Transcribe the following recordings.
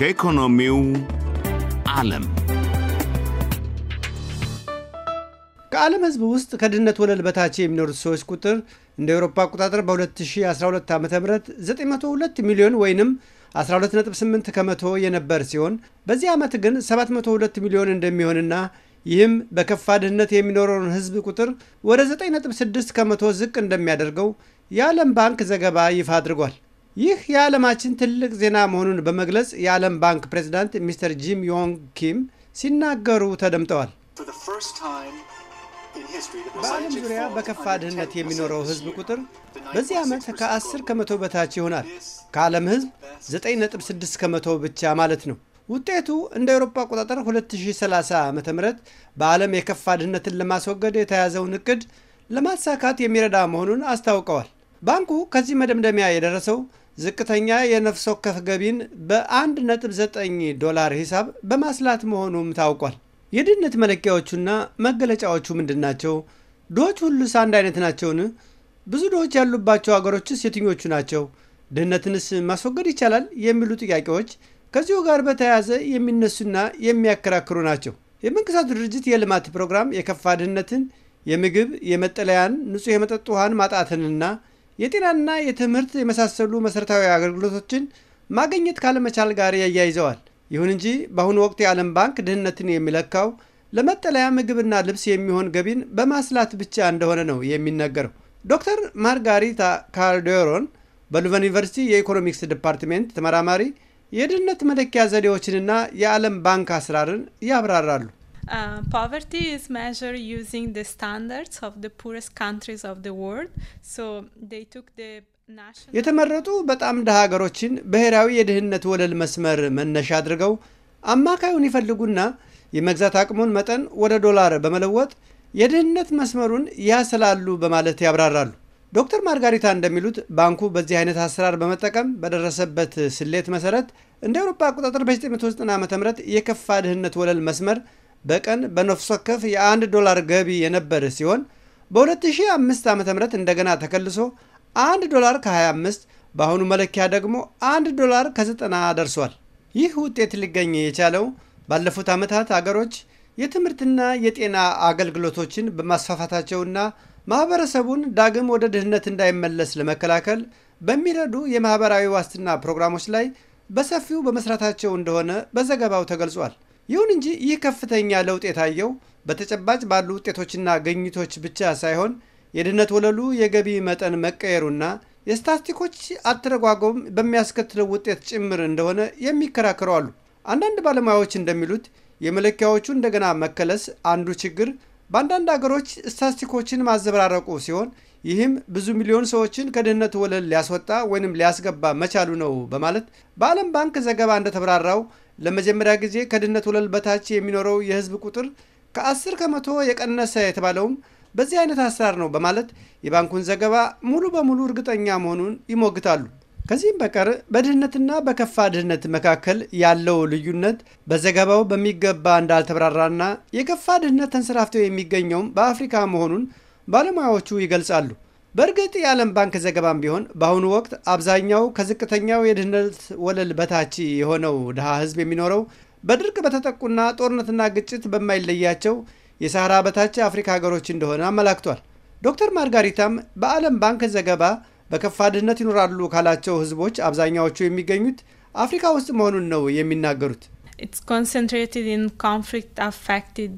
ከኢኮኖሚው ዓለም ከዓለም ሕዝብ ውስጥ ከድህነት ወለል በታች የሚኖሩት ሰዎች ቁጥር እንደ ኤውሮፓ አቆጣጠር በ2012 ዓ ም 902 ሚሊዮን ወይንም 12.8 ከመቶ የነበር ሲሆን በዚህ ዓመት ግን 702 ሚሊዮን እንደሚሆንና ይህም በከፋ ድህነት የሚኖረውን ሕዝብ ቁጥር ወደ 9.6 ከመቶ ዝቅ እንደሚያደርገው የዓለም ባንክ ዘገባ ይፋ አድርጓል። ይህ የዓለማችን ትልቅ ዜና መሆኑን በመግለጽ የዓለም ባንክ ፕሬዚዳንት ሚስተር ጂም ዮንግ ኪም ሲናገሩ ተደምጠዋል። በዓለም ዙሪያ በከፋ ድህነት የሚኖረው ሕዝብ ቁጥር በዚህ ዓመት ከ10 ከመቶ በታች ይሆናል። ከዓለም ሕዝብ 9.6 ከመቶ ብቻ ማለት ነው። ውጤቱ እንደ አውሮፓ አቆጣጠር 2030 ዓ ም በዓለም የከፋ ድህነትን ለማስወገድ የተያዘውን እቅድ ለማሳካት የሚረዳ መሆኑን አስታውቀዋል። ባንኩ ከዚህ መደምደሚያ የደረሰው ዝቅተኛ የነፍስ ወከፍ ገቢን በ1.9 ዶላር ሂሳብ በማስላት መሆኑም ታውቋል። የድህነት መለኪያዎቹና መገለጫዎቹ ምንድን ናቸው? ድሆች ሁሉስ አንድ አይነት ናቸውን? ብዙ ድሆች ያሉባቸው አገሮችስ የትኞቹ ናቸው? ድህነትንስ ማስወገድ ይቻላል? የሚሉ ጥያቄዎች ከዚሁ ጋር በተያያዘ የሚነሱና የሚያከራክሩ ናቸው። የመንግስታቱ ድርጅት የልማት ፕሮግራም የከፋ ድህነትን የምግብ የመጠለያን፣ ንጹህ የመጠጥ ውሃን ማጣትንና የጤናና የትምህርት የመሳሰሉ መሠረታዊ አገልግሎቶችን ማግኘት ካለመቻል ጋር ያያይዘዋል። ይሁን እንጂ በአሁኑ ወቅት የዓለም ባንክ ድህነትን የሚለካው ለመጠለያ ምግብና ልብስ የሚሆን ገቢን በማስላት ብቻ እንደሆነ ነው የሚነገረው። ዶክተር ማርጋሪታ ካልዴሮን በሉቨን ዩኒቨርሲቲ የኢኮኖሚክስ ዲፓርትሜንት ተመራማሪ የድህነት መለኪያ ዘዴዎችንና የዓለም ባንክ አሰራርን ያብራራሉ። Uh, poverty is measured using the standards of the poorest countries of the world. So they took the የተመረጡ በጣም ድሃ ሀገሮችን ብሔራዊ የድህነት ወለል መስመር መነሻ አድርገው አማካዩን ይፈልጉና የመግዛት አቅሙን መጠን ወደ ዶላር በመለወጥ የድህነት መስመሩን ያስላሉ በማለት ያብራራሉ። ዶክተር ማርጋሪታ እንደሚሉት ባንኩ በዚህ አይነት አሰራር በመጠቀም በደረሰበት ስሌት መሰረት እንደ አውሮፓ አቆጣጠር በ1990 ዓ ም የከፋ ድህነት ወለል መስመር በቀን በነፍስ ወከፍ የ1 ዶላር ገቢ የነበረ ሲሆን በ2005 ዓ ም እንደገና ተከልሶ 1 ዶላር ከ25 በአሁኑ መለኪያ ደግሞ 1 ዶላር ከ90 ደርሷል። ይህ ውጤት ሊገኝ የቻለው ባለፉት ዓመታት አገሮች የትምህርትና የጤና አገልግሎቶችን በማስፋፋታቸውና ማህበረሰቡን ዳግም ወደ ድህነት እንዳይመለስ ለመከላከል በሚረዱ የማህበራዊ ዋስትና ፕሮግራሞች ላይ በሰፊው በመስራታቸው እንደሆነ በዘገባው ተገልጿል። ይሁን እንጂ ይህ ከፍተኛ ለውጥ የታየው በተጨባጭ ባሉ ውጤቶችና ግኝቶች ብቻ ሳይሆን የድህነት ወለሉ የገቢ መጠን መቀየሩና የስታትስቲኮች አተረጓጎም በሚያስከትለው ውጤት ጭምር እንደሆነ የሚከራከሩ አሉ። አንዳንድ ባለሙያዎች እንደሚሉት የመለኪያዎቹ እንደገና መከለስ አንዱ ችግር በአንዳንድ አገሮች ስታትስቲኮችን ማዘበራረቁ ሲሆን ይህም ብዙ ሚሊዮን ሰዎችን ከድህነት ወለል ሊያስወጣ ወይንም ሊያስገባ መቻሉ ነው በማለት በዓለም ባንክ ዘገባ እንደተብራራው ለመጀመሪያ ጊዜ ከድህነት ወለል በታች የሚኖረው የህዝብ ቁጥር ከ10 ከመቶ የቀነሰ የተባለውም በዚህ አይነት አሰራር ነው በማለት የባንኩን ዘገባ ሙሉ በሙሉ እርግጠኛ መሆኑን ይሞግታሉ። ከዚህም በቀር በድህነትና በከፋ ድህነት መካከል ያለው ልዩነት በዘገባው በሚገባ እንዳልተብራራና የከፋ ድህነት ተንሰራፍተው የሚገኘውም በአፍሪካ መሆኑን ባለሙያዎቹ ይገልጻሉ። በእርግጥ የዓለም ባንክ ዘገባም ቢሆን በአሁኑ ወቅት አብዛኛው ከዝቅተኛው የድህነት ወለል በታች የሆነው ድሃ ህዝብ የሚኖረው በድርቅ በተጠቁና ጦርነትና ግጭት በማይለያቸው የሳህራ በታች የአፍሪካ ሀገሮች እንደሆነ አመላክቷል። ዶክተር ማርጋሪታም በዓለም ባንክ ዘገባ በከፋ ድህነት ይኖራሉ ካላቸው ህዝቦች አብዛኛዎቹ የሚገኙት አፍሪካ ውስጥ መሆኑን ነው የሚናገሩት። It's concentrated in conflict affected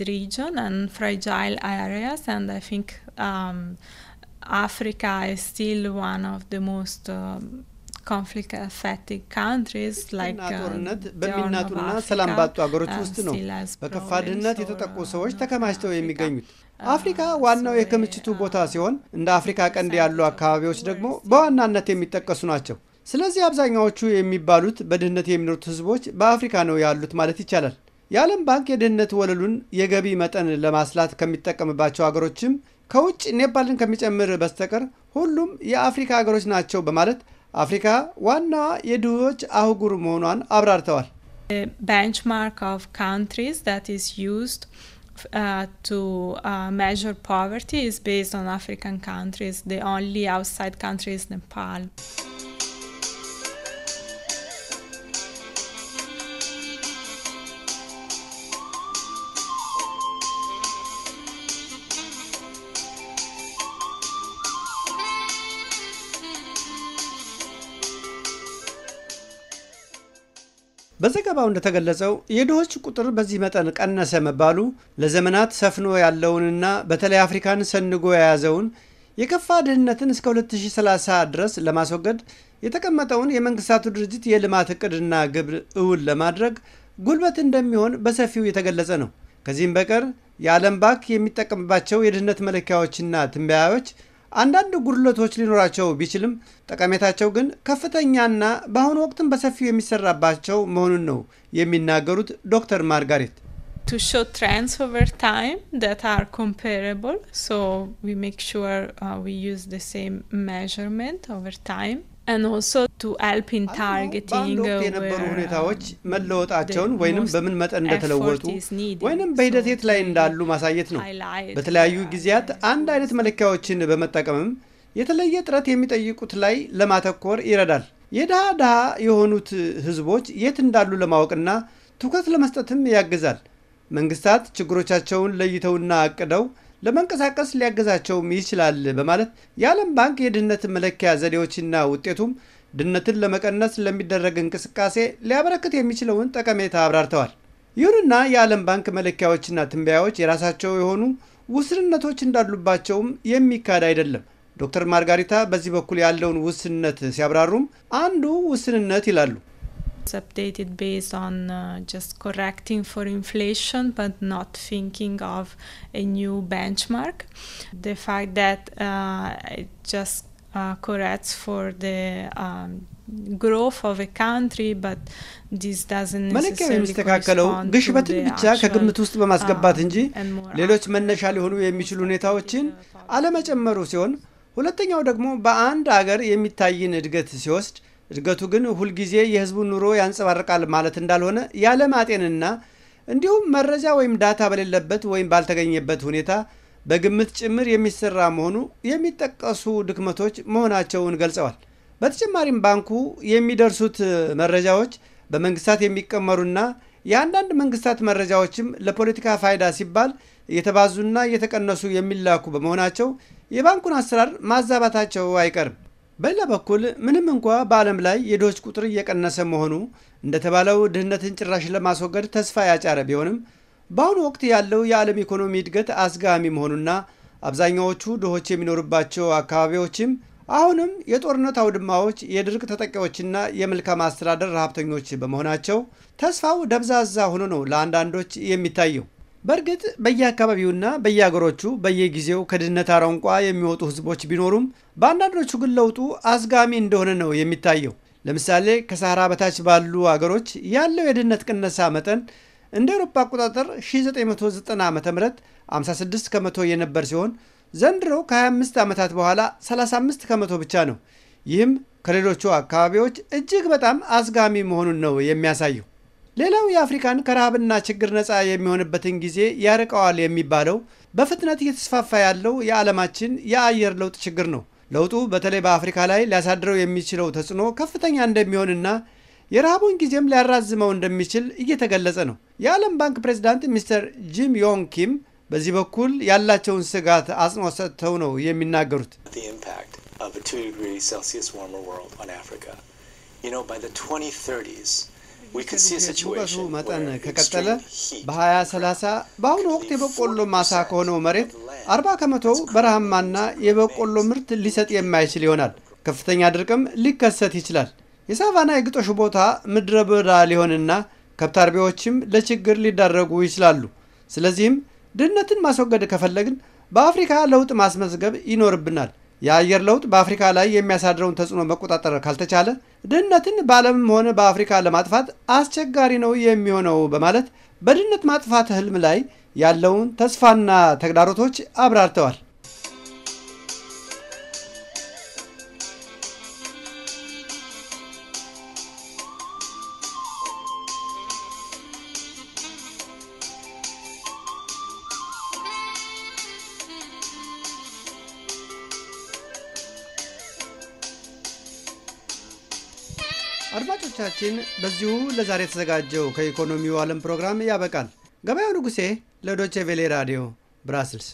Africa is still one of the most um, conflict affected countries like ጦርነት um, በሚናጡና ሰላም ባጡ ሀገሮች uh, ውስጥ ነው በከፋ ድህነት የተጠቁ ሰዎች uh, ተከማችተው የሚገኙት። uh, አፍሪካ ዋናው የክምችቱ ቦታ ሲሆን እንደ አፍሪካ ቀንድ ያሉ አካባቢዎች ደግሞ በዋናነት የሚጠቀሱ ናቸው። ስለዚህ አብዛኛዎቹ የሚባሉት በድህነት የሚኖሩት ህዝቦች በአፍሪካ ነው ያሉት ማለት ይቻላል። የዓለም ባንክ የድህነት ወለሉን የገቢ መጠን ለማስላት ከሚጠቀምባቸው አገሮችም ከውጭ ኔፓልን ከሚጨምር በስተቀር ሁሉም የአፍሪካ ሀገሮች ናቸው በማለት አፍሪካ ዋና የድሆች አህጉር መሆኗን አብራርተዋል። ቤንችማርክ ኦፍ ካንትሪስ ዛት ኢዝ ፖቨርቲ ኢዝ ኦን አፍሪካን ካንትሪስ ዘ ኦንሊ አውትሳይድ ኔፓል። በዘገባው እንደተገለጸው የድሆች ቁጥር በዚህ መጠን ቀነሰ መባሉ ለዘመናት ሰፍኖ ያለውንና በተለይ አፍሪካን ሰንጎ የያዘውን የከፋ ድህነትን እስከ 2030 ድረስ ለማስወገድ የተቀመጠውን የመንግስታቱ ድርጅት የልማት እቅድና ግብ እውን ለማድረግ ጉልበት እንደሚሆን በሰፊው የተገለጸ ነው። ከዚህም በቀር የዓለም ባንክ የሚጠቀምባቸው የድህነት መለኪያዎችና ትንበያዎች አንዳንድ ጉድለቶች ሊኖራቸው ቢችልም ጠቀሜታቸው ግን ከፍተኛና በአሁኑ ወቅትም በሰፊው የሚሰራባቸው መሆኑን ነው የሚናገሩት ዶክተር ማርጋሬት። በአንድ ወቅት uh, የነበሩ ሁኔታዎች መለወጣቸውን ወይንም በምን መጠን እንደተለወጡ ወይንም በሂደት የት ላይ እንዳሉ ማሳየት ነው። በተለያዩ ጊዜያት አንድ አይነት መለኪያዎችን በመጠቀምም የተለየ ጥረት የሚጠይቁት ላይ ለማተኮር ይረዳል። የድሃ ድሃ የሆኑት ህዝቦች የት እንዳሉ ለማወቅና ትኩረት ለመስጠትም ያግዛል። መንግስታት ችግሮቻቸውን ለይተውና አቅደው ለመንቀሳቀስ ሊያግዛቸውም ይችላል በማለት የዓለም ባንክ የድህነት መለኪያ ዘዴዎችና ውጤቱም ድህነትን ለመቀነስ ለሚደረግ እንቅስቃሴ ሊያበረክት የሚችለውን ጠቀሜታ አብራርተዋል። ይሁንና የዓለም ባንክ መለኪያዎችና ትንበያዎች የራሳቸው የሆኑ ውስንነቶች እንዳሉባቸውም የሚካድ አይደለም። ዶክተር ማርጋሪታ በዚህ በኩል ያለውን ውስንነት ሲያብራሩም አንዱ ውስንነት ይላሉ It's updated based on uh, just correcting for inflation, but not thinking of a new benchmark. The fact that uh, it just uh, corrects for the um, growth of a country but this doesn't necessarily የሚስተካከለው ግሽበትን the ከግምት ውስጥ በማስገባት እንጂ ሁለተኛው ደግሞ በአንድ አገር የሚታይን እድገት ሲወስድ እድገቱ ግን ሁልጊዜ የህዝቡን ኑሮ ያንጸባርቃል ማለት እንዳልሆነ ማጤንና እንዲሁም መረጃ ወይም ዳታ በሌለበት ወይም ባልተገኘበት ሁኔታ በግምት ጭምር የሚሰራ መሆኑ የሚጠቀሱ ድክመቶች መሆናቸውን ገልጸዋል። በተጨማሪም ባንኩ የሚደርሱት መረጃዎች በመንግስታት የሚቀመሩና የአንዳንድ መንግስታት መረጃዎችም ለፖለቲካ ፋይዳ ሲባል እየተባዙና እየተቀነሱ የሚላኩ በመሆናቸው የባንኩን አሰራር ማዛባታቸው አይቀርም። በሌላ በኩል ምንም እንኳ በዓለም ላይ የድሆች ቁጥር እየቀነሰ መሆኑ እንደተባለው ድህነትን ጭራሽ ለማስወገድ ተስፋ ያጫረ ቢሆንም በአሁኑ ወቅት ያለው የዓለም ኢኮኖሚ እድገት አስጋሚ መሆኑና አብዛኛዎቹ ድሆች የሚኖሩባቸው አካባቢዎችም አሁንም የጦርነት አውድማዎች፣ የድርቅ ተጠቂዎችና የመልካም አስተዳደር ረሃብተኞች በመሆናቸው ተስፋው ደብዛዛ ሆኖ ነው ለአንዳንዶች የሚታየው። በእርግጥ በየአካባቢውና በየአገሮቹ በየጊዜው ከድህነት አረንቋ የሚወጡ ህዝቦች ቢኖሩም በአንዳንዶቹ ግን ለውጡ አዝጋሚ እንደሆነ ነው የሚታየው። ለምሳሌ ከሳህራ በታች ባሉ አገሮች ያለው የድህነት ቅነሳ መጠን እንደ አውሮፓ አቆጣጠር 1990 ዓ ም 56 ከመቶ የነበር ሲሆን ዘንድሮ ከ25 ዓመታት በኋላ 35 ከመቶ ብቻ ነው። ይህም ከሌሎቹ አካባቢዎች እጅግ በጣም አዝጋሚ መሆኑን ነው የሚያሳየው። ሌላው የአፍሪካን ከረሃብና ችግር ነፃ የሚሆንበትን ጊዜ ያርቀዋል የሚባለው በፍጥነት እየተስፋፋ ያለው የዓለማችን የአየር ለውጥ ችግር ነው። ለውጡ በተለይ በአፍሪካ ላይ ሊያሳድረው የሚችለው ተጽዕኖ ከፍተኛ እንደሚሆንና የረሃቡን ጊዜም ሊያራዝመው እንደሚችል እየተገለጸ ነው። የዓለም ባንክ ፕሬዚዳንት ሚስተር ጂም ዮንግ ኪም በዚህ በኩል ያላቸውን ስጋት አጽንኦት ሰጥተው ነው የሚናገሩት። ቱ ዲግሪ ሙቀቱ መጠን ከቀጠለ በ2030 በአሁኑ ወቅት የበቆሎ ማሳ ከሆነው መሬት 40 ከመቶው በረሃማና የበቆሎ ምርት ሊሰጥ የማይችል ይሆናል። ከፍተኛ ድርቅም ሊከሰት ይችላል። የሳቫና የግጦሽ ቦታ ምድረ በዳ ሊሆንና ከብት አርቢዎችም ለችግር ሊዳረጉ ይችላሉ። ስለዚህም ድህነትን ማስወገድ ከፈለግን በአፍሪካ ለውጥ ማስመዝገብ ይኖርብናል። የአየር ለውጥ በአፍሪካ ላይ የሚያሳድረውን ተጽዕኖ መቆጣጠር ካልተቻለ ድህነትን በዓለምም ሆነ በአፍሪካ ለማጥፋት አስቸጋሪ ነው የሚሆነው በማለት በድህነት ማጥፋት ህልም ላይ ያለውን ተስፋና ተግዳሮቶች አብራርተዋል። አድማጮቻችን፣ በዚሁ ለዛሬ የተዘጋጀው ከኢኮኖሚው ዓለም ፕሮግራም ያበቃል። ገበያው ንጉሴ ለዶቼ ቬሌ ራዲዮ ብራስልስ